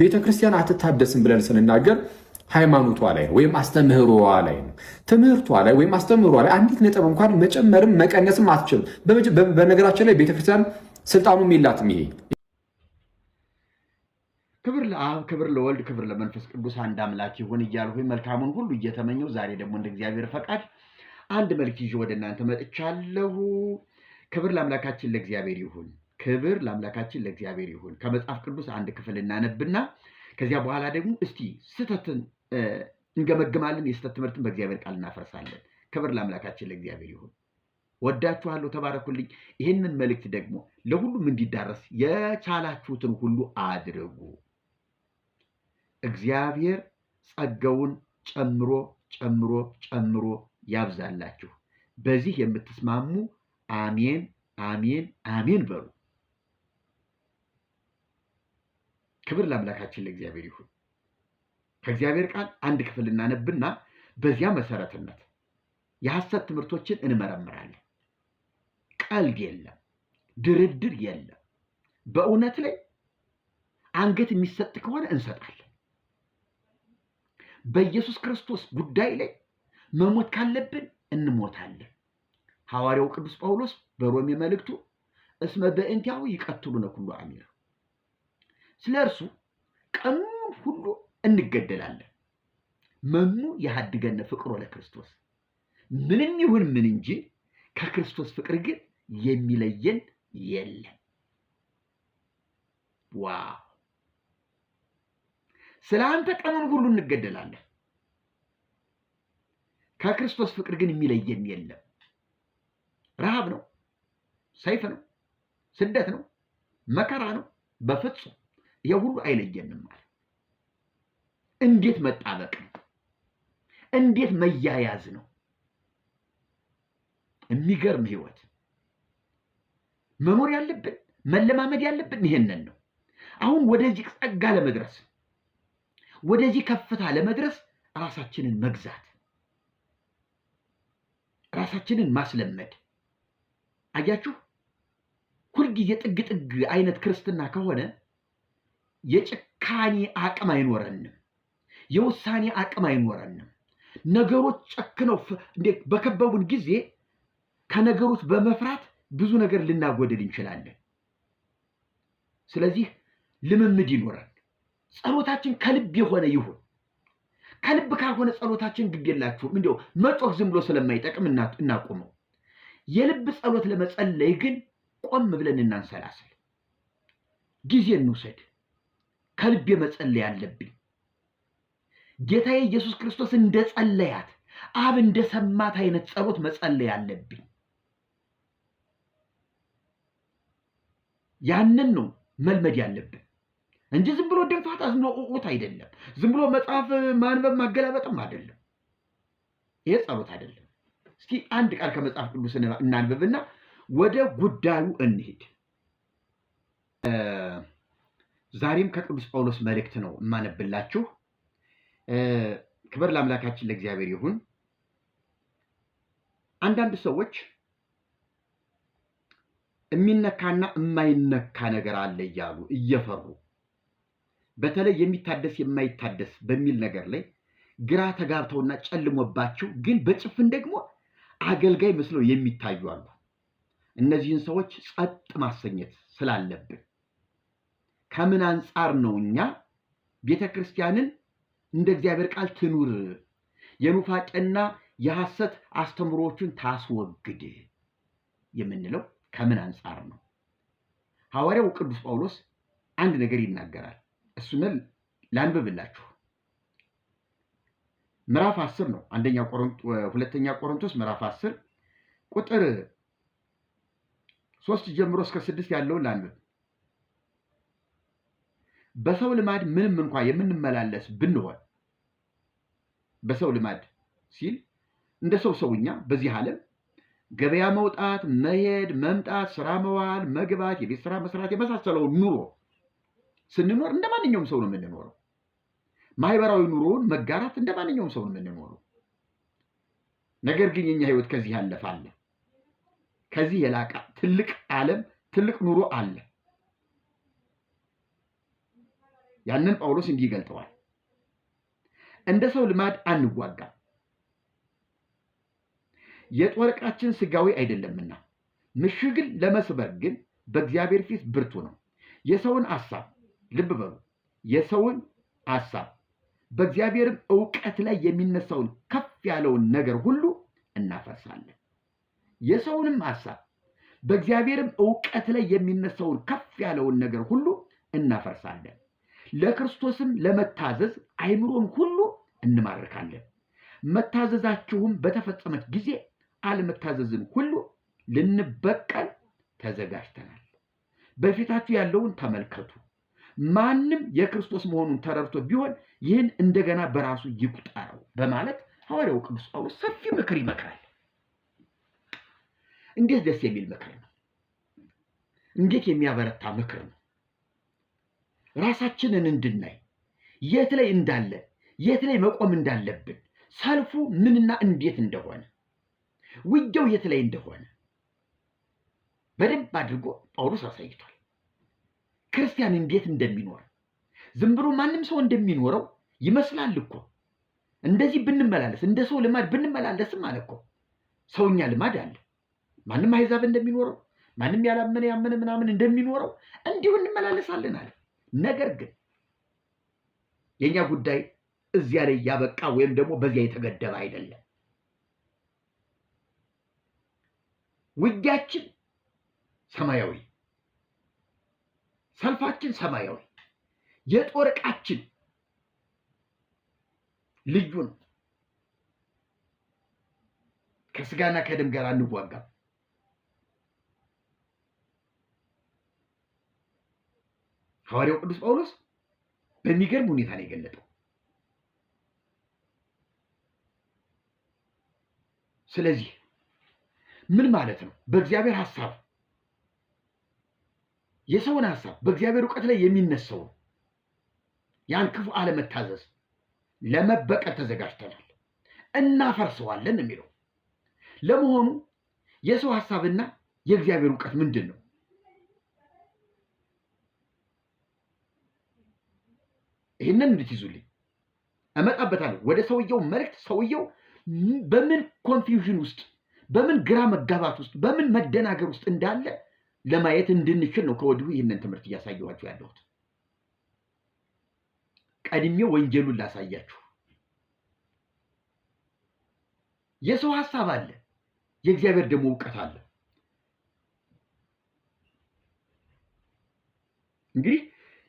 ቤተ ክርስቲያን አትታደስም ብለን ስንናገር ሃይማኖቷ ላይ ነው ወይም አስተምህሮዋ ላይ ነው። ትምህርቷ ላይ ወይም አስተምህሯ ላይ አንዲት ነጥብ እንኳን መጨመርም መቀነስም አትችልም። በነገራችን ላይ ቤተክርስቲያን ስልጣኑም የላትም። ይሄ ክብር ለአብ ክብር ለወልድ ክብር ለመንፈስ ቅዱስ አንድ አምላክ ይሁን እያልሁኝ መልካሙን ሁሉ እየተመኘው ዛሬ ደግሞ እንደ እግዚአብሔር ፈቃድ አንድ መልክ ይዤ ወደ እናንተ መጥቻለሁ። ክብር ለአምላካችን ለእግዚአብሔር ይሁን። ክብር ለአምላካችን ለእግዚአብሔር ይሁን። ከመጽሐፍ ቅዱስ አንድ ክፍል እናነብና ከዚያ በኋላ ደግሞ እስቲ ስህተትን እንገመግማለን። የስህተት ትምህርትን በእግዚአብሔር ቃል እናፈርሳለን። ክብር ለአምላካችን ለእግዚአብሔር ይሁን። ወዳችኋለሁ። ተባረኩልኝ። ይህንን መልእክት ደግሞ ለሁሉም እንዲዳረስ የቻላችሁትን ሁሉ አድርጉ። እግዚአብሔር ጸጋውን ጨምሮ ጨምሮ ጨምሮ ያብዛላችሁ። በዚህ የምትስማሙ አሜን፣ አሜን፣ አሜን በሉ። ክብር ለአምላካችን ለእግዚአብሔር ይሁን። ከእግዚአብሔር ቃል አንድ ክፍል እናነብና በዚያ መሰረትነት የሐሰት ትምህርቶችን እንመረምራለን። ቀልድ የለም፣ ድርድር የለም። በእውነት ላይ አንገት የሚሰጥ ከሆነ እንሰጣለን። በኢየሱስ ክርስቶስ ጉዳይ ላይ መሞት ካለብን እንሞታለን። ሐዋርያው ቅዱስ ጳውሎስ በሮሜ መልእክቱ እስመ በእንቲአሁ ይቀትሉነ ኩሉ አሚር ስለ እርሱ ቀኑን ሁሉ እንገደላለን። መኑ የሀድገነ ፍቅሮ ለክርስቶስ ምንም ይሁን ምን እንጂ ከክርስቶስ ፍቅር ግን የሚለየን የለም። ዋው! ስለ አንተ ቀኑን ሁሉ እንገደላለን። ከክርስቶስ ፍቅር ግን የሚለየን የለም። ረሃብ ነው፣ ሰይፍ ነው፣ ስደት ነው፣ መከራ ነው። በፍጹም ይሄ ሁሉ አይለየንም አለ። እንዴት መጣበቅ ነው? እንዴት መያያዝ ነው? የሚገርም ህይወት መኖር ያለብን መለማመድ ያለብን ይሄንን ነው። አሁን ወደዚህ ጸጋ ለመድረስ ወደዚህ ከፍታ ለመድረስ ራሳችንን መግዛት፣ ራሳችንን ማስለመድ። አያችሁ ሁልጊዜ ጥግ ጥግ አይነት ክርስትና ከሆነ የጭካኔ አቅም አይኖረንም። የውሳኔ አቅም አይኖረንም። ነገሮች ጨክነው በከበቡን ጊዜ ከነገሮች በመፍራት ብዙ ነገር ልናጎድል እንችላለን። ስለዚህ ልምምድ ይኖረን ጸሎታችን ከልብ የሆነ ይሁን። ከልብ ካልሆነ ጸሎታችን ግድ የላችሁም። እንዲያው መጮህ ዝም ብሎ ስለማይጠቅም እናቁመው። የልብ ጸሎት ለመጸለይ ግን ቆም ብለን እናንሰላስል፣ ጊዜ እንውሰድ። ከልቤ መጸለይ አለብኝ። ጌታዬ ኢየሱስ ክርስቶስ እንደ ጸለያት አብ እንደ ሰማት አይነት ጸሎት መጸለይ አለብኝ። ያንን ነው መልመድ ያለብን እንጂ ዝም ብሎ ደም ዝም ብሎ ቁቁት አይደለም። ዝም ብሎ መጽሐፍ ማንበብ ማገላበጥም አይደለም። ይሄ ጸሎት አይደለም። እስኪ አንድ ቃል ከመጽሐፍ ቅዱስ እናንብብና ወደ ጉዳዩ እንሄድ። ዛሬም ከቅዱስ ጳውሎስ መልእክት ነው የማነብላችሁ። ክብር ለአምላካችን ለእግዚአብሔር ይሁን። አንዳንድ ሰዎች የሚነካና የማይነካ ነገር አለ እያሉ እየፈሩ በተለይ የሚታደስ የማይታደስ በሚል ነገር ላይ ግራ ተጋብተውና ጨልሞባቸው ግን በጭፍን ደግሞ አገልጋይ መስለው የሚታዩ አሉ። እነዚህን ሰዎች ጸጥ ማሰኘት ስላለብን ከምን አንጻር ነው እኛ ቤተ ክርስቲያንን እንደ እግዚአብሔር ቃል ትኑር፣ የኑፋቄና የሐሰት አስተምሮዎችን ታስወግድ የምንለው ከምን አንጻር ነው? ሐዋርያው ቅዱስ ጳውሎስ አንድ ነገር ይናገራል። እሱንን ላንብብላችሁ። ምዕራፍ አስር ነው አንደኛ ሁለተኛ ቆሮንቶስ ምዕራፍ አስር ቁጥር ሶስት ጀምሮ እስከ ስድስት ያለውን ላንብብ በሰው ልማድ ምንም እንኳ የምንመላለስ ብንሆን በሰው ልማድ ሲል እንደ ሰው ሰውኛ በዚህ ዓለም ገበያ መውጣት፣ መሄድ፣ መምጣት፣ ስራ መዋል፣ መግባት፣ የቤት ስራ መስራት የመሳሰለውን ኑሮ ስንኖር እንደ ማንኛውም ሰው ነው የምንኖረው። ማህበራዊ ኑሮውን መጋራት እንደ ማንኛውም ሰው ነው የምንኖረው። ነገር ግን የኛ ህይወት ከዚህ ያለፋለ። ከዚህ የላቀ ትልቅ ዓለም ትልቅ ኑሮ አለ። ያንን ጳውሎስ እንዲህ ይገልጠዋል። እንደ ሰው ልማድ አንዋጋ፣ የጦር ዕቃችን አይደለምና፣ ምሽግን ለመስበር ግን በእግዚአብሔር ፊት ብርቱ ነው። የሰውን አሳብ ልብ በሉ፣ የሰውን አሳብ በእግዚአብሔርም እውቀት ላይ የሚነሳውን ከፍ ያለውን ነገር ሁሉ እናፈርሳለን። የሰውንም አሳብ በእግዚአብሔርም እውቀት ላይ የሚነሳውን ከፍ ያለውን ነገር ሁሉ እናፈርሳለን። ለክርስቶስም ለመታዘዝ አይምሮን ሁሉ እንማርካለን። መታዘዛችሁም በተፈጸመች ጊዜ አለመታዘዝን ሁሉ ልንበቀል ተዘጋጅተናል። በፊታችሁ ያለውን ተመልከቱ። ማንም የክርስቶስ መሆኑን ተረድቶ ቢሆን ይህን እንደገና በራሱ ይቁጠረው በማለት ሐዋርያው ቅዱስ ጳውሎስ ሰፊ ምክር ይመክራል። እንዴት ደስ የሚል ምክር ነው! እንዴት የሚያበረታ ምክር ነው! ራሳችንን እንድናይ የት ላይ እንዳለ የት ላይ መቆም እንዳለብን ሰልፉ ምንና እንዴት እንደሆነ ውጊያው የት ላይ እንደሆነ በደንብ አድርጎ ጳውሎስ አሳይቷል። ክርስቲያን እንዴት እንደሚኖር ዝም ብሎ ማንም ሰው እንደሚኖረው ይመስላል እኮ እንደዚህ ብንመላለስ እንደ ሰው ልማድ ብንመላለስም አለ እኮ ሰውኛ ልማድ አለ። ማንም አሕዛብ እንደሚኖረው ማንም ያላመነ ያመነ ምናምን እንደሚኖረው እንዲሁ እንመላለሳለን አለ። ነገር ግን የእኛ ጉዳይ እዚያ ላይ ያበቃ ወይም ደግሞ በዚያ የተገደበ አይደለም። ውጊያችን ሰማያዊ፣ ሰልፋችን ሰማያዊ፣ የጦር ዕቃችን ልዩ ነው። ከስጋና ከደም ጋር አንዋጋም። ሐዋርያው ቅዱስ ጳውሎስ በሚገርም ሁኔታ ነው የገለጠው። ስለዚህ ምን ማለት ነው? በእግዚአብሔር ሐሳብ የሰውን ሐሳብ በእግዚአብሔር እውቀት ላይ የሚነሳውን ያን ክፉ አለመታዘዝ ለመበቀል ተዘጋጅተናል፣ እናፈርሰዋለን የሚለው ለመሆኑ የሰው ሐሳብና የእግዚአብሔር እውቀት ምንድን ነው? ይህንን እንድትይዙልኝ እመጣበታለሁ። ወደ ሰውየው መልእክት ሰውየው በምን ኮንፊውዥን ውስጥ በምን ግራ መጋባት ውስጥ በምን መደናገር ውስጥ እንዳለ ለማየት እንድንችል ነው ከወዲሁ ይህንን ትምህርት እያሳየኋችሁ ያለሁት። ቀድሚው ወንጀሉን ላሳያችሁ። የሰው ሀሳብ አለ፣ የእግዚአብሔር ደግሞ እውቀት አለ። እንግዲህ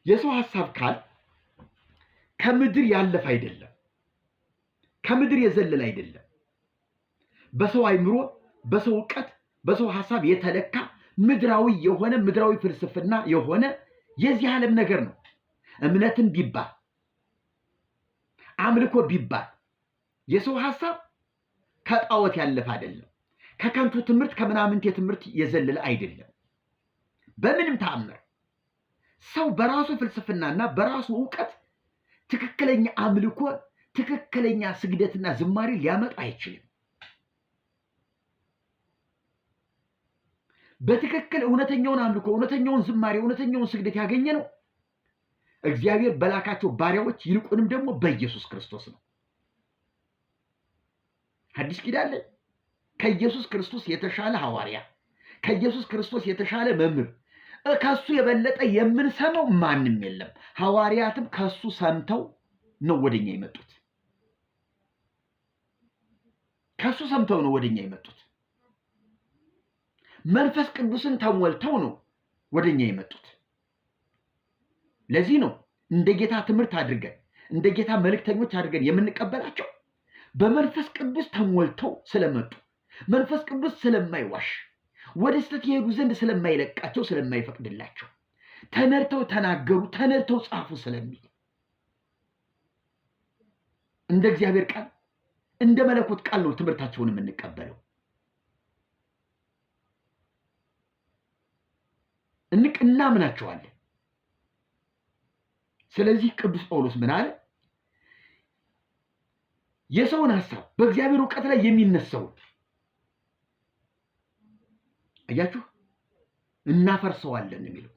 የሰው ሀሳብ ካል ከምድር ያለፈ አይደለም፣ ከምድር የዘለለ አይደለም። በሰው አይምሮ፣ በሰው እውቀት፣ በሰው ሀሳብ የተለካ ምድራዊ የሆነ ምድራዊ ፍልስፍና የሆነ የዚህ ዓለም ነገር ነው። እምነትን ቢባል አምልኮ ቢባል የሰው ሀሳብ ከጣዖት ያለፈ አይደለም። ከከንቱ ትምህርት ከምናምንቴ ትምህርት የዘለለ አይደለም በምንም ተአምር። ሰው በራሱ ፍልስፍናና በራሱ እውቀት ትክክለኛ አምልኮ፣ ትክክለኛ ስግደትና ዝማሬ ሊያመጡ አይችልም። በትክክል እውነተኛውን አምልኮ፣ እውነተኛውን ዝማሬ፣ እውነተኛውን ስግደት ያገኘ ነው እግዚአብሔር በላካቸው ባሪያዎች ይልቁንም ደግሞ በኢየሱስ ክርስቶስ ነው። አዲስ ኪዳን ከኢየሱስ ክርስቶስ የተሻለ ሐዋርያ፣ ከኢየሱስ ክርስቶስ የተሻለ መምህር ከሱ የበለጠ የምንሰማው ማንም የለም። ሐዋርያትም ከሱ ሰምተው ነው ወደኛ የመጡት። ከሱ ሰምተው ነው ወደኛ የመጡት። መንፈስ ቅዱስን ተሞልተው ነው ወደኛ የመጡት። ለዚህ ነው እንደ ጌታ ትምህርት አድርገን እንደ ጌታ መልእክተኞች አድርገን የምንቀበላቸው በመንፈስ ቅዱስ ተሞልተው ስለመጡ መንፈስ ቅዱስ ስለማይዋሽ ወደ ስህተት የሄዱ ዘንድ ስለማይለቃቸው ስለማይፈቅድላቸው ተነድተው ተናገሩ ተነድተው ጻፉ ስለሚል እንደ እግዚአብሔር ቃል እንደ መለኮት ቃል ነው ትምህርታቸውን የምንቀበለው። እንቅ እናምናቸዋለን። ስለዚህ ቅዱስ ጳውሎስ ምን አለ? የሰውን ሀሳብ በእግዚአብሔር እውቀት ላይ የሚነሳውን አያችሁ፣ እናፈርሰዋለን የሚለው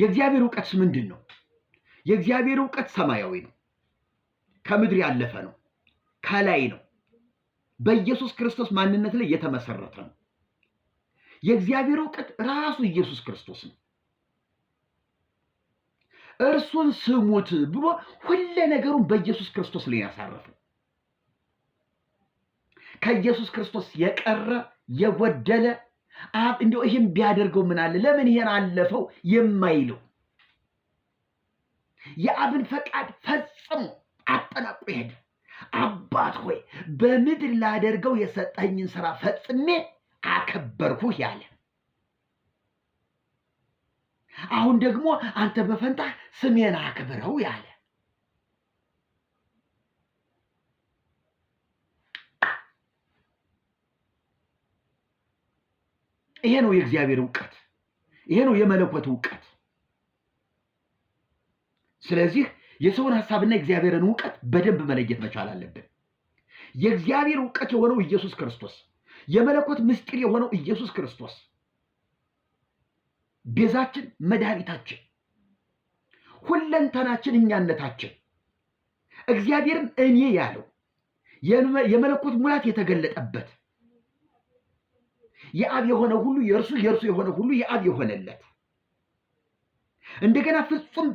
የእግዚአብሔር እውቀት ምንድን ነው? የእግዚአብሔር እውቀት ሰማያዊ ነው፣ ከምድር ያለፈ ነው፣ ከላይ ነው፣ በኢየሱስ ክርስቶስ ማንነት ላይ የተመሰረተ ነው። የእግዚአብሔር እውቀት ራሱ ኢየሱስ ክርስቶስ ነው። እርሱን ስሙት ብሎ ሁለ ነገሩን በኢየሱስ ክርስቶስ ላይ ያሳረፈው ከኢየሱስ ክርስቶስ የቀረ የጎደለ አብ እንዲያው ይህን ቢያደርገው ምን አለ ለምን ይሄን አለፈው የማይለው የአብን ፈቃድ ፈጽሞ አጠናቁ ሄደ። አባት ሆይ በምድር ላደርገው የሰጠኝን ስራ ፈጽሜ አከበርኩህ ያለ አሁን ደግሞ አንተ በፈንታ ስሜን አክብረው ያለ ይሄ ነው የእግዚአብሔር እውቀት፣ ይሄ ነው የመለኮት እውቀት። ስለዚህ የሰውን ሀሳብና የእግዚአብሔርን እውቀት በደንብ መለየት መቻል አለብን። የእግዚአብሔር እውቀት የሆነው ኢየሱስ ክርስቶስ፣ የመለኮት ምስጢር የሆነው ኢየሱስ ክርስቶስ ቤዛችን፣ መድኃኒታችን፣ ሁለንተናችን፣ እኛነታችን እግዚአብሔርም እኔ ያለው የመለኮት ሙላት የተገለጠበት የአብ የሆነ ሁሉ የእርሱ የእርሱ የሆነ ሁሉ የአብ የሆነለት እንደገና ፍጹም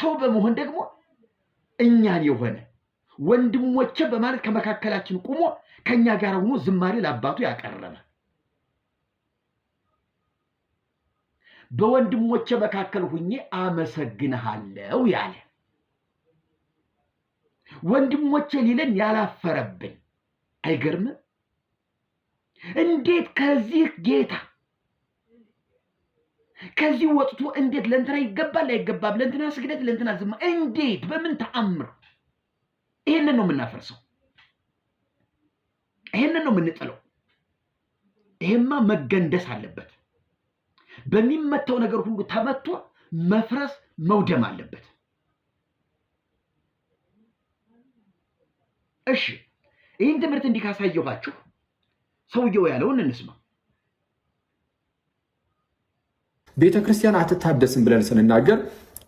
ሰው በመሆን ደግሞ እኛን የሆነ ወንድሞች በማለት ከመካከላችን ቁሞ ከእኛ ጋር ሆኖ ዝማሬ ለአባቱ ያቀረበ በወንድሞቼ መካከል ሁኜ አመሰግንሃለው ያለ ወንድሞቼ ሊለን ያላፈረብን አይገርምም? እንዴት ከዚህ ጌታ ከዚህ ወጥቶ እንዴት ለእንትና ይገባል አይገባም፣ ለእንትና ስግደት፣ ለእንትና ዝማ፣ እንዴት በምን ተአምር? ይህንን ነው የምናፈርሰው። ይህንን ነው የምንጥለው። ይሄማ መገንደስ አለበት። በሚመታው ነገር ሁሉ ተመቶ መፍረስ መውደም አለበት። እሺ ይህን ትምህርት እንዲህ ካሳየኋችሁ ሰውየው ያለውን እንስማ። ቤተ ክርስቲያን አትታደስም ብለን ስንናገር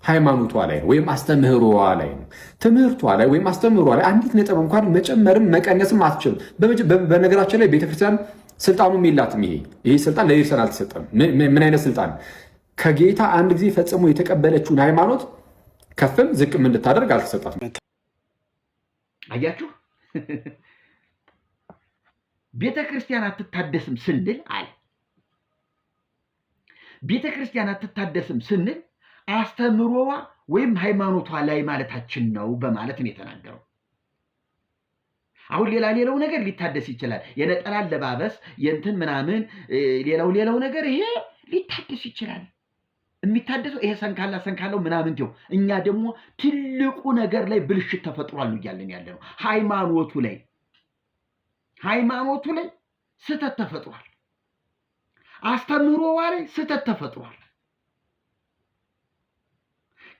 ሃይማኖቷ ላይ ነው ወይም አስተምህሯ ላይ ነው። ትምህርቷ ላይ ወይም አስተምህሯ ላይ አንዲት ነጥብ እንኳን መጨመርም መቀነስም አትችልም። በነገራችን ላይ ቤተክርስቲያን ስልጣኑም የላትም። ይሄ ይሄ ስልጣን ለኤርሰን አልተሰጠም። ምን አይነት ስልጣን? ከጌታ አንድ ጊዜ ፈጽሞ የተቀበለችውን ሃይማኖት ከፍም ዝቅም እንድታደርግ አልተሰጣትም። አያችሁ ቤተ ክርስቲያን አትታደስም ስንል አለ ቤተ ክርስቲያን አትታደስም ስንል አስተምሮዋ ወይም ሃይማኖቷ ላይ ማለታችን ነው በማለት ነው የተናገረው። አሁን ሌላ ሌላው ነገር ሊታደስ ይችላል። የነጠላ አለባበስ የእንትን ምናምን ሌላው ሌላው ነገር ይሄ ሊታደስ ይችላል። የሚታደሰው ይሄ ሰንካላ ሰንካላው ምናምን ው እኛ ደግሞ ትልቁ ነገር ላይ ብልሽት ተፈጥሯል ነው እያለን ያለ ነው ሃይማኖቱ ላይ ሃይማኖቱ ላይ ስህተት ተፈጥሯል። አስተምህሮዋ ላይ ስህተት ተፈጥሯል።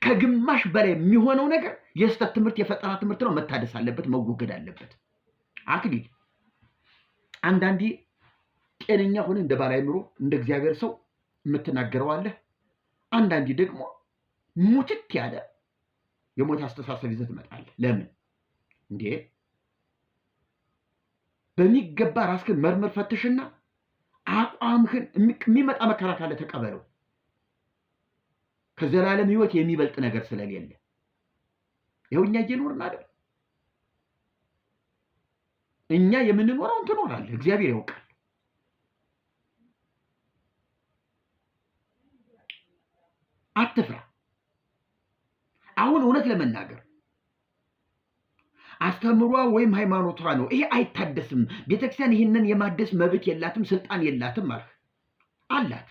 ከግማሽ በላይ የሚሆነው ነገር የስህተት ትምህርት የፈጠራ ትምህርት ነው። መታደስ አለበት፣ መወገድ አለበት። አክሊል አንዳንዴ ጤነኛ ሆነ እንደ ባላይ ምሮ እንደ እግዚአብሔር ሰው የምትናገረዋለህ። አንዳንዴ ደግሞ ሙትት ያለ የሞት አስተሳሰብ ይዘህ ትመጣለህ። ለምን እንዴ? በሚገባ ራስክን መርምር ፈትሽና አቋምህን የሚመጣ መከራ ካለ ተቀበለው። ከዘላለም ህይወት የሚበልጥ ነገር ስለሌለ ይኸው እኛ እየኖርን አይደል? እኛ የምንኖረውን ትኖራለህ፣ እግዚአብሔር ያውቃል። አትፍራ። አሁን እውነት ለመናገር አስተምሯ ወይም ሃይማኖቷ ነው። ይሄ አይታደስም። ቤተክርስቲያን ይህንን የማደስ መብት የላትም፣ ስልጣን የላትም። አልክ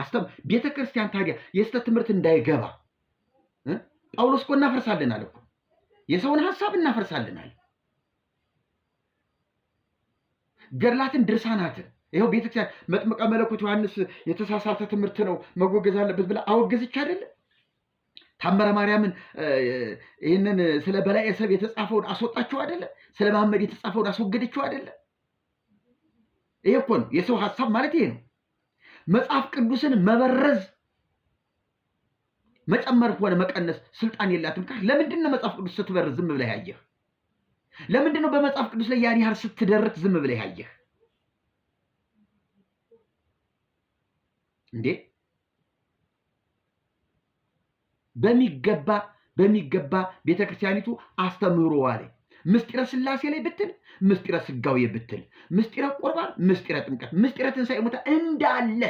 አላት ቤተ ክርስቲያን ታዲያ የስተት ትምህርት እንዳይገባ ጳውሎስ እኮ እናፈርሳለን አለ እኮ የሰውን ሀሳብ እናፈርሳለን አለ። ገድላትን፣ ድርሳናት ይኸው ቤተክርስቲያን መጥምቀ መለኮት ዮሐንስ የተሳሳተ ትምህርት ነው መጎገዝ አለበት ብላ አወገዝች አይደለም ታመረ ማርያምን ይህንን ስለ በላይ ሰብ የተጻፈውን አስወጣችሁ አይደለም? ስለ መሐመድ የተጻፈውን አስወገደችው አይደለም? ይሄ እኮ ነው የሰው ሀሳብ ማለት ይሄ ነው። መጽሐፍ ቅዱስን መበረዝ መጨመር ሆነ መቀነስ ስልጣን የላትም ካ ለምንድን ነው መጽሐፍ ቅዱስ ስትበርዝ ዝም ብለህ ያየህ? ለምንድን ነው በመጽሐፍ ቅዱስ ላይ ያን ያህል ስትደርት ዝም ብለህ ያየህ እንዴ? በሚገባ በሚገባ ቤተ ክርስቲያኒቱ አስተምሮ ላይ ምስጢረ ስላሴ ላይ ብትል፣ ምስጢረ ስጋዌ ብትል፣ ምስጢረ ቁርባን፣ ምስጢረ ጥምቀት፣ ምስጢረ ትንሣኤ ሙታን እንዳለ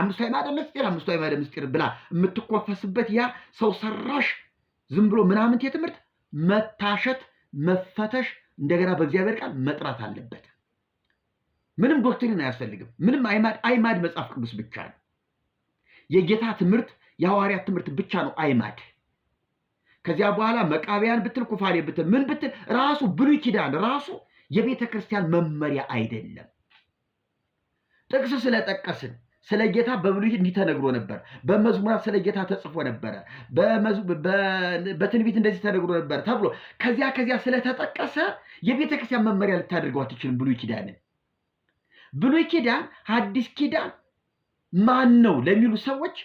አምስቱ አዕማደ ምስጢር አምስቱ አዕማደ ምስጢር ብላ የምትኮፈስበት ያ ሰው ሰራሽ ዝም ብሎ ምናምንት የትምህርት መታሸት መፈተሽ እንደገና በእግዚአብሔር ቃል መጥራት አለበት። ምንም ዶክትሪን አያስፈልግም። ምንም አይማድ መጽሐፍ ቅዱስ ብቻ ነው። የጌታ ትምህርት የሐዋርያት ትምህርት ብቻ ነው አይማድ። ከዚያ በኋላ መቃቢያን ብትል ኩፋሌ ብትል ምን ብትል ራሱ ብሉይ ኪዳን ራሱ የቤተ ክርስቲያን መመሪያ አይደለም። ጥቅስ ስለጠቀስን ስለ ጌታ በብሉይ እንዲህ ተነግሮ ነበር፣ በመዝሙራት ስለ ጌታ ተጽፎ ነበረ፣ በትንቢት እንደዚህ ተነግሮ ነበር ተብሎ ከዚያ ከዚያ ስለተጠቀሰ የቤተ ክርስቲያን መመሪያ ልታደርገው አትችልም ብሉይ ኪዳንን። ብሉይ ኪዳን አዲስ ኪዳን ማን ነው ለሚሉ ሰዎች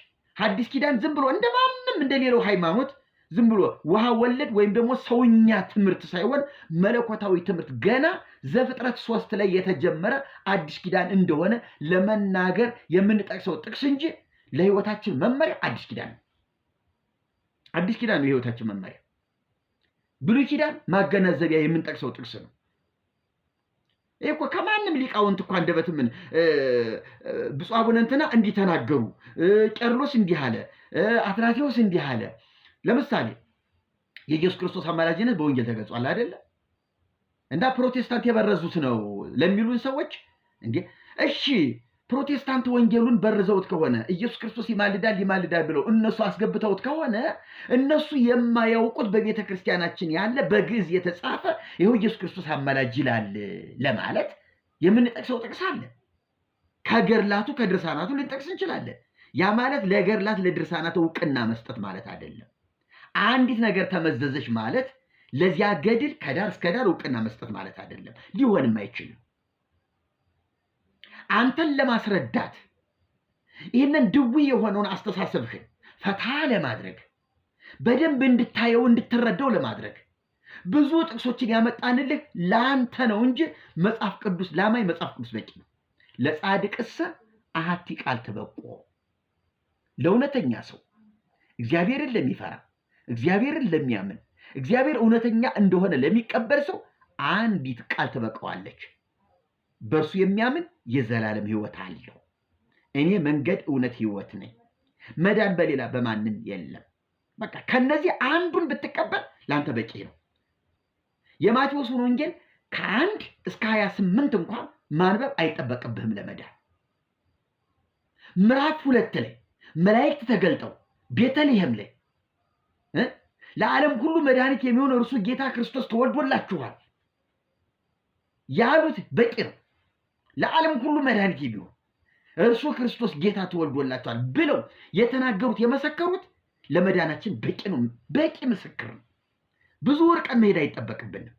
አዲስ ኪዳን ዝም ብሎ እንደ ማንም እንደሌለው ሃይማኖት ዝም ብሎ ውሃ ወለድ ወይም ደግሞ ሰውኛ ትምህርት ሳይሆን መለኮታዊ ትምህርት ገና ዘፍጥረት ሶስት ላይ የተጀመረ አዲስ ኪዳን እንደሆነ ለመናገር የምንጠቅሰው ጥቅስ እንጂ ለህይወታችን መመሪያ አዲስ ኪዳን አዲስ ኪዳን ነው የህይወታችን መመሪያ። ብሉይ ኪዳን ማገናዘቢያ የምንጠቅሰው ጥቅስ ነው። ይሄ እኮ ከማንም ሊቃውንት እኮ አንደበት ምን ብፁዕ አቡነ እንትና እንዲህ ተናገሩ፣ ቄርሎስ እንዲህ አለ፣ አትናቴዎስ እንዲህ አለ። ለምሳሌ የኢየሱስ ክርስቶስ አማላጅነት በወንጌል ተገልጿል አይደለም እና ፕሮቴስታንት የበረዙት ነው ለሚሉን ሰዎች እንዴ እሺ ፕሮቴስታንት ወንጌሉን በርዘውት ከሆነ ኢየሱስ ክርስቶስ ይማልዳል ይማልዳል ብለው እነሱ አስገብተውት ከሆነ እነሱ የማያውቁት በቤተ ክርስቲያናችን ያለ በግዕዝ የተጻፈ ይኸው ኢየሱስ ክርስቶስ አማላጅ ይላል ለማለት የምንጠቅሰው ጥቅስ አለ። ከገርላቱ ከድርሳናቱ ልንጠቅስ እንችላለን። ያ ማለት ለገርላት ለድርሳናት እውቅና መስጠት ማለት አይደለም። አንዲት ነገር ተመዘዘች ማለት ለዚያ ገድል ከዳር እስከ ዳር እውቅና መስጠት ማለት አይደለም፣ ሊሆንም አይችልም። አንተን ለማስረዳት ይህንን ድዊ የሆነውን አስተሳሰብህን ፈታ ለማድረግ በደንብ እንድታየው እንድትረዳው ለማድረግ ብዙ ጥቅሶችን ያመጣንልህ ለአንተ ነው እንጂ መጽሐፍ ቅዱስ ላማይ መጽሐፍ ቅዱስ በቂ ነው። ለጻድቅስ አሐቲ ቃል ትበቆ ለእውነተኛ ሰው እግዚአብሔርን ለሚፈራ እግዚአብሔርን ለሚያምን እግዚአብሔር እውነተኛ እንደሆነ ለሚቀበል ሰው አንዲት ቃል ትበቀዋለች። በእርሱ የሚያምን የዘላለም ህይወት አለው። እኔ መንገድ፣ እውነት፣ ህይወት ነኝ። መዳን በሌላ በማንም የለም። በቃ ከነዚህ አንዱን ብትቀበል ለአንተ በቂ ነው። የማቴዎስን ወንጌል ከአንድ እስከ ሀያ ስምንት እንኳን ማንበብ አይጠበቅብህም ለመዳን። ምዕራፍ ሁለት ላይ መላእክት ተገልጠው ቤተልሔም ላይ ለዓለም ሁሉ መድኃኒት የሚሆን እርሱ ጌታ ክርስቶስ ተወልዶላችኋል ያሉት በቂ ነው። ለዓለም ሁሉ መድኃኒቴ ቢሆን እርሱ ክርስቶስ ጌታ ተወልዶላቸዋል ብለው የተናገሩት የመሰከሩት ለመዳናችን በቂ ነው። በቂ ምስክር ነው። ብዙ ርቀን መሄድ አይጠበቅብንም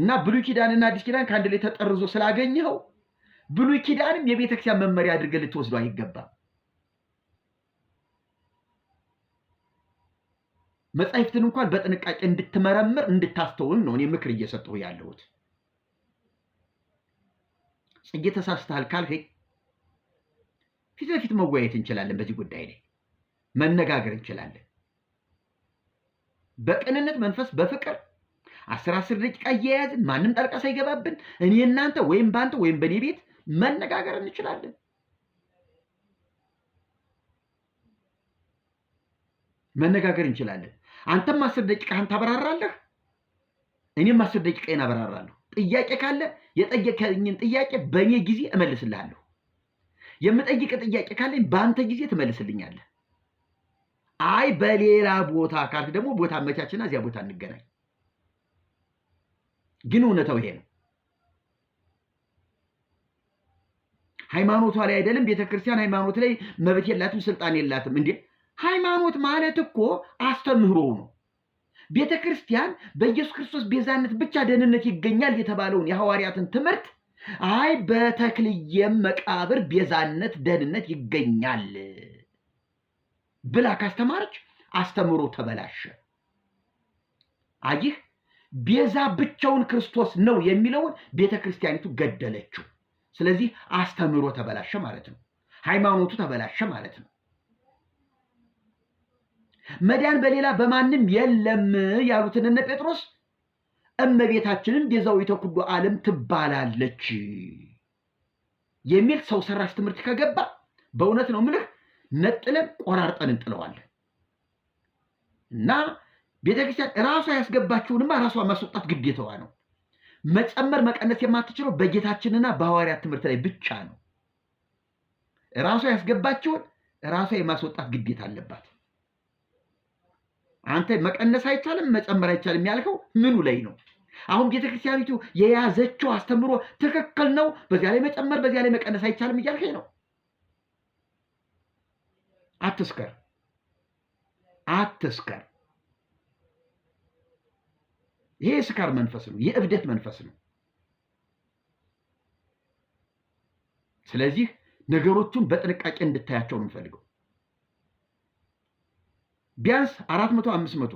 እና ብሉይ ኪዳንና አዲስ ኪዳን ከአንድ ላይ ተጠርዞ ስላገኘኸው ብሉይ ኪዳንም የቤተክርስቲያን መመሪያ አድርገ ልትወስዶ አይገባም። መጽሐፍትን እንኳን በጥንቃቄ እንድትመረምር እንድታስተውል ነው እኔ ምክር እየሰጠሁ ያለሁት። እየተሳስተሃል ካልከኝ ፊት ለፊት መወያየት እንችላለን። በዚህ ጉዳይ ላይ መነጋገር እንችላለን። በቅንነት መንፈስ፣ በፍቅር አስር አስር ደቂቃ እየያዝን ማንም ጣልቃ ሳይገባብን እኔ እናንተ ወይም በአንተ ወይም በእኔ ቤት መነጋገር እንችላለን። መነጋገር እንችላለን። አንተም አስር ደቂቃህን ታበራራለህ፣ እኔም አስር ደቂቃዬን አበራራለሁ። ጥያቄ ካለ የጠየከኝን ጥያቄ በእኔ ጊዜ እመልስልሃለሁ። የምጠይቅ ጥያቄ ካለኝ በአንተ ጊዜ ትመልስልኛለህ። አይ በሌላ ቦታ ካልክ ደግሞ ቦታ አመቻችና እዚያ ቦታ እንገናኝ። ግን እውነታው ይሄ ነው። ሃይማኖቷ ላይ አይደለም። ቤተክርስቲያን ሃይማኖት ላይ መብት የላትም፣ ስልጣን የላትም። እንዴ ሃይማኖት ማለት እኮ አስተምህሮው ነው። ቤተ ክርስቲያን በኢየሱስ ክርስቶስ ቤዛነት ብቻ ደህንነት ይገኛል የተባለውን የሐዋርያትን ትምህርት አይ በተክልየም መቃብር ቤዛነት ደህንነት ይገኛል ብላ ካስተማረች አስተምሮ ተበላሸ። አይህ ቤዛ ብቻውን ክርስቶስ ነው የሚለውን ቤተ ክርስቲያኒቱ ገደለችው። ስለዚህ አስተምሮ ተበላሸ ማለት ነው። ሃይማኖቱ ተበላሸ ማለት ነው። መዳን በሌላ በማንም የለም ያሉትን እነ ጴጥሮስ እመቤታችንን ቤዛዊተ ኩሉ ዓለም ትባላለች የሚል ሰው ሰራሽ ትምህርት ከገባ በእውነት ነው ምልህ ነጥለን ቆራርጠን እንጥለዋለን እና ቤተክርስቲያን ራሷ ያስገባችውንማ ራሷ ማስወጣት ግዴታዋ ነው። መጨመር መቀነስ የማትችለው በጌታችንና በሐዋርያት ትምህርት ላይ ብቻ ነው። ራሷ ያስገባችውን ራሷ የማስወጣት ግዴታ አለባት። አንተ መቀነስ አይቻልም መጨመር አይቻልም ያልከው ምኑ ላይ ነው? አሁን ቤተክርስቲያኒቱ የያዘችው አስተምሮ ትክክል ነው። በዚያ ላይ መጨመር፣ በዚያ ላይ መቀነስ አይቻልም እያልከኝ ነው። አትስከር፣ አትስከር። ይሄ የስካር መንፈስ ነው፣ የእብደት መንፈስ ነው። ስለዚህ ነገሮቹን በጥንቃቄ እንድታያቸው ነው የምፈልገው። ቢያንስ አራት መቶ አምስት መቶ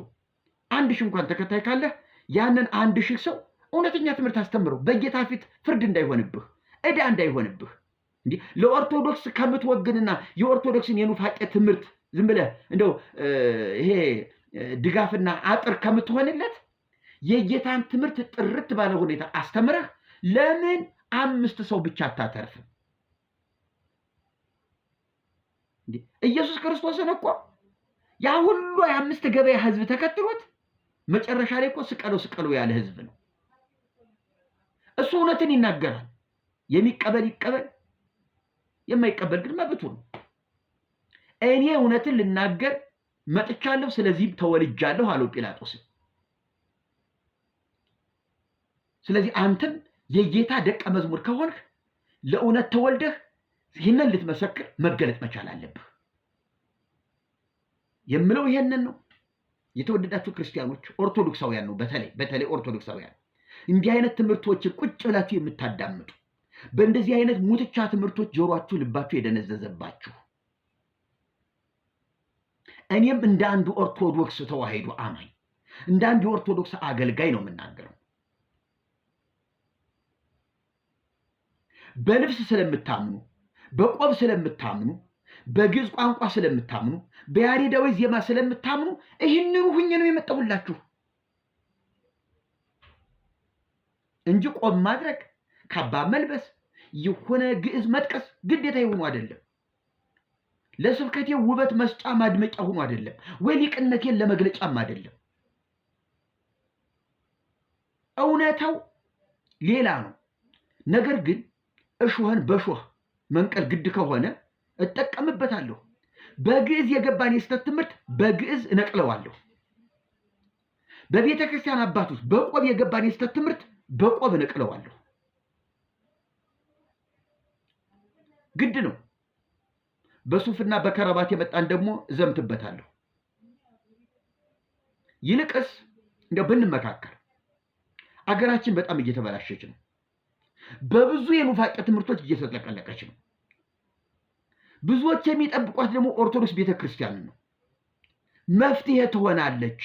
አንድ ሺህ እንኳን ተከታይ ካለህ ያንን አንድ ሺህ ሰው እውነተኛ ትምህርት አስተምረው። በጌታ ፊት ፍርድ እንዳይሆንብህ፣ እዳ እንዳይሆንብህ። እንዲህ ለኦርቶዶክስ ከምትወግንና የኦርቶዶክስን የኑፋቄ ትምህርት ዝም ብለህ እንደው ይሄ ድጋፍና አጥር ከምትሆንለት የጌታን ትምህርት ጥርት ባለ ሁኔታ አስተምረህ ለምን አምስት ሰው ብቻ አታተርፍም? ኢየሱስ ክርስቶስን እኮ ያ ሁሉ የአምስት ገበያ ህዝብ ተከትሎት መጨረሻ ላይ እኮ ስቀሎ ስቀሎ ያለ ህዝብ ነው። እሱ እውነትን ይናገራል። የሚቀበል ይቀበል፣ የማይቀበል ግን መብቱ ነው። እኔ እውነትን ልናገር መጥቻለሁ፣ ስለዚህ ተወልጃለሁ አለው ጲላጦስ። ስለዚህ አንተም የጌታ ደቀ መዝሙር ከሆንህ ለእውነት ተወልደህ ይህንን ልትመሰክር መገለጥ መቻል አለብህ። የምለው ይሄንን ነው። የተወደዳችሁ ክርስቲያኖች፣ ኦርቶዶክሳውያን ነው በተለይ በተለይ ኦርቶዶክሳውያን እንዲህ አይነት ትምህርቶችን ቁጭ ብላችሁ የምታዳምጡ በእንደዚህ አይነት ሙትቻ ትምህርቶች ጆሯችሁ ልባችሁ የደነዘዘባችሁ እኔም እንደ አንድ ኦርቶዶክስ ተዋሕዶ አማኝ እንደ አንድ የኦርቶዶክስ አገልጋይ ነው የምናገረው። በልብስ ስለምታምኑ፣ በቆብ ስለምታምኑ በግዕዝ ቋንቋ ስለምታምኑ፣ በያሬዳዊ ዜማ ስለምታምኑ ይህንኑ ሁኜ ነው የመጣሁላችሁ እንጂ ቆብ ማድረግ ካባ መልበስ የሆነ ግዕዝ መጥቀስ ግዴታ የሆኑ አይደለም። ለስብከቴ ውበት መስጫ ማድመቂያ ሆኖ አይደለም ወይ ሊቅነቴን ለመግለጫም አይደለም። እውነታው ሌላ ነው። ነገር ግን እሾህን በሾህ መንቀል ግድ ከሆነ እጠቀምበታለሁ። በግዕዝ የገባን የስተት ትምህርት በግዕዝ እነቅለዋለሁ። በቤተ ክርስቲያን አባቶች በቆብ የገባን የስተት ትምህርት በቆብ እነቅለዋለሁ። ግድ ነው። በሱፍና በከረባት የመጣን ደግሞ ዘምትበታለሁ። ይልቅስ እንደው ብንመካከር አገራችን በጣም እየተበላሸች ነው። በብዙ የኑፋቄ ትምህርቶች እየተጥለቀለቀች ነው። ብዙዎች የሚጠብቋት ደግሞ ኦርቶዶክስ ቤተ ክርስቲያን ነው። መፍትሄ ትሆናለች።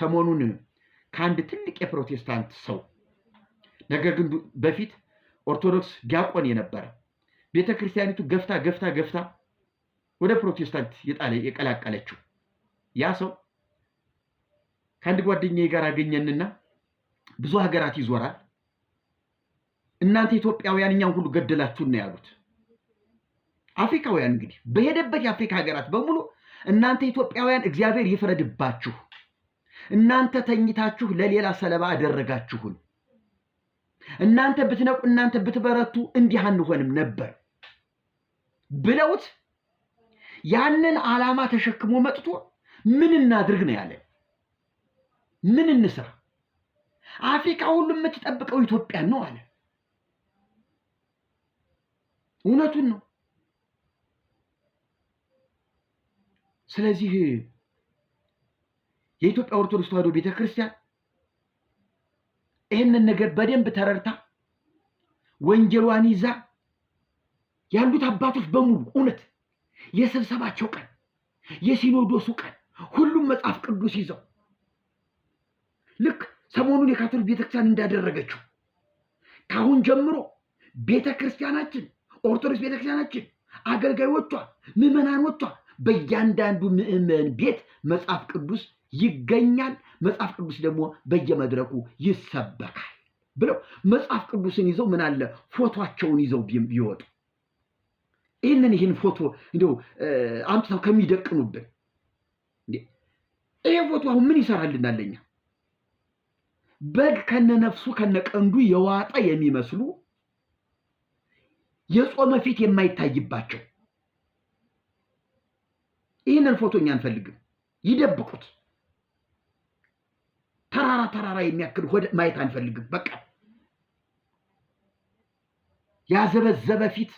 ሰሞኑን ከአንድ ትልቅ የፕሮቴስታንት ሰው ነገር ግን በፊት ኦርቶዶክስ ዲያቆን የነበረ ቤተ ክርስቲያኒቱ ገፍታ ገፍታ ገፍታ ወደ ፕሮቴስታንት የቀላቀለችው ያ ሰው ከአንድ ጓደኛ ጋር አገኘንና ብዙ ሀገራት ይዞራል እናንተ ኢትዮጵያውያን እኛን ሁሉ ገደላችሁ ነው ያሉት። አፍሪካውያን እንግዲህ በሄደበት የአፍሪካ ሀገራት በሙሉ እናንተ ኢትዮጵያውያን እግዚአብሔር ይፍረድባችሁ፣ እናንተ ተኝታችሁ ለሌላ ሰለባ አደረጋችሁን። እናንተ ብትነቁ፣ እናንተ ብትበረቱ እንዲህ አንሆንም ነበር ብለውት ያንን ዓላማ ተሸክሞ መጥቶ ምን እናድርግ ነው ያለ። ምን እንስራ? አፍሪካ ሁሉ የምትጠብቀው ኢትዮጵያን ነው አለ። እውነቱን ነው። ስለዚህ የኢትዮጵያ ኦርቶዶክስ ተዋሕዶ ቤተክርስቲያን ይህንን ነገር በደንብ ተረድታ ወንጀሏን ይዛ ያሉት አባቶች በሙሉ እውነት የስብሰባቸው ቀን የሲኖዶሱ ቀን ሁሉም መጽሐፍ ቅዱስ ይዘው ልክ ሰሞኑን የካቶሊክ ቤተክርስቲያን እንዳደረገችው ከአሁን ጀምሮ ቤተክርስቲያናችን ኦርቶዶክስ ቤተክርስቲያናችን አገልጋዮቿ፣ ምዕመናኖቿ በእያንዳንዱ ምዕመን ቤት መጽሐፍ ቅዱስ ይገኛል። መጽሐፍ ቅዱስ ደግሞ በየመድረኩ ይሰበካል ብለው መጽሐፍ ቅዱስን ይዘው ምን አለ ፎቶቸውን ይዘው ቢወጡ ይህንን ይህን ፎቶ እንደው አምጥተው ከሚደቅኑብን ይሄ ፎቶ አሁን ምን ይሰራልናል? ለኛ በግ ከነነፍሱ ከነቀንዱ የዋጠ የሚመስሉ የጾመ ፊት የማይታይባቸው ይህንን ፎቶኛ አንፈልግም። ይደብቁት። ተራራ ተራራ የሚያክል ወደ ማየት አንፈልግም። በቃ ያዘበዘበ ፊት፣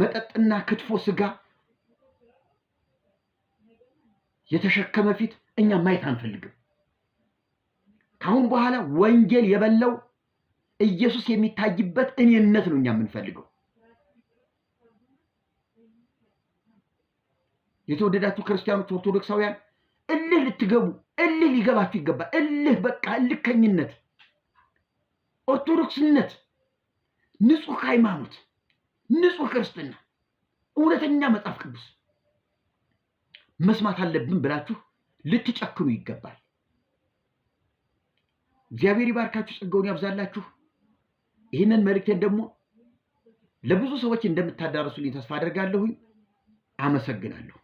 መጠጥና ክትፎ ስጋ የተሸከመ ፊት እኛ ማየት አንፈልግም። ከአሁን በኋላ ወንጌል የበላው ኢየሱስ የሚታይበት እኔነት ነው እኛ የምንፈልገው። የተወደዳችሁ ክርስቲያኖች፣ ኦርቶዶክሳውያን እልህ ልትገቡ እልህ ሊገባችሁ ይገባል። እልህ በቃ እልከኝነት፣ ኦርቶዶክስነት፣ ንጹህ ሃይማኖት፣ ንጹህ ክርስትና፣ እውነተኛ መጽሐፍ ቅዱስ መስማት አለብን ብላችሁ ልትጨክኑ ይገባል። እግዚአብሔር ይባርካችሁ፣ ጸጋውን ያብዛላችሁ። ይህንን መልእክቴን ደግሞ ለብዙ ሰዎች እንደምታዳርሱልኝ ተስፋ አደርጋለሁኝ። አመሰግናለሁ።